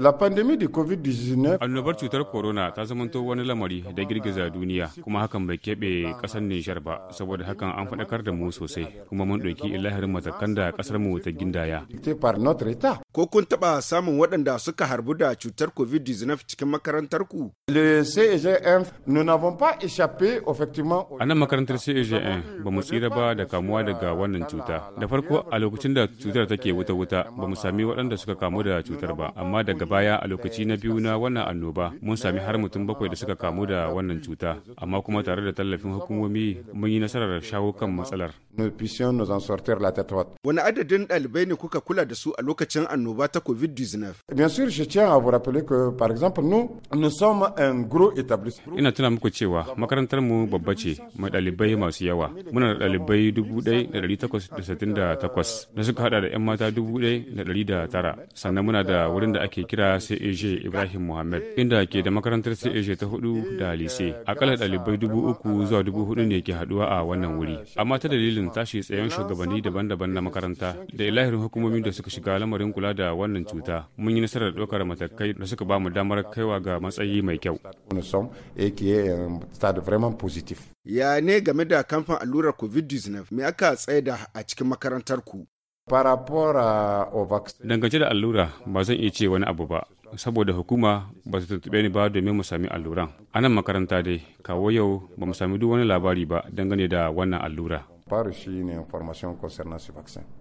La pandemie de COVID-19 Annobar cutar corona ta zamanto wani lamari da girgiza duniya kuma hakan bai keɓe ƙasar Nijar ba saboda hakan an faɗakar da mu sosai kuma mun ɗauki ilahirin matakan da ƙasar mu ta gindaya. Ko kun taɓa samun waɗanda suka harbu da cutar COVID-19 cikin makarantar ku? Le CEGM nous n'avons pas échappé effectivement. A nan makarantar CEGM ba mu tsira ba da kamuwa daga wannan cuta. Da farko a lokacin da cutar take wuta-wuta ba mu sami waɗanda suka kamu da cutar ba amma daga daga baya a lokaci na biyu na wannan annoba mun sami har mutum bakwai da suka kamu da wannan cuta amma kuma tare da tallafin hukumomi mun yi nasarar shawo kan matsalar. Wani adadin ɗalibai ne kuka kula da su a lokacin annoba ta COVID-19? Ina tuna muku cewa makarantar mu babba ce mai ɗalibai masu yawa. Muna da ɗalibai 1,868 da suka hada da 'yan mata 1,109 sannan muna da wurin da ake kira CAG Ibrahim mohammed inda ke da makarantar CAG ta hudu da lise. Akalla dalibai dubu uku zuwa dubu hudu ne ke haduwa a wannan wuri. Amma ta dalilin tashi tsayen shugabanni daban-daban na makaranta da ilahirin hukumomi da suka shiga lamarin kula da wannan cuta. Mun yi nasarar ɗaukar matakai da suka ba mu damar kaiwa ga matsayi mai kyau. Ya ne game da kamfan allurar COVID-19 me aka tsaida a cikin makarantar ku? Dangance da allura ba zan iya ce wani abu ba, saboda hukuma ba su tuntube ni ba domin mu sami alluran. anan makaranta dai, kawo yau ba mu sami duk wani labari ba dangane da wannan allura. Faru shi ne information concernant ce vaccin.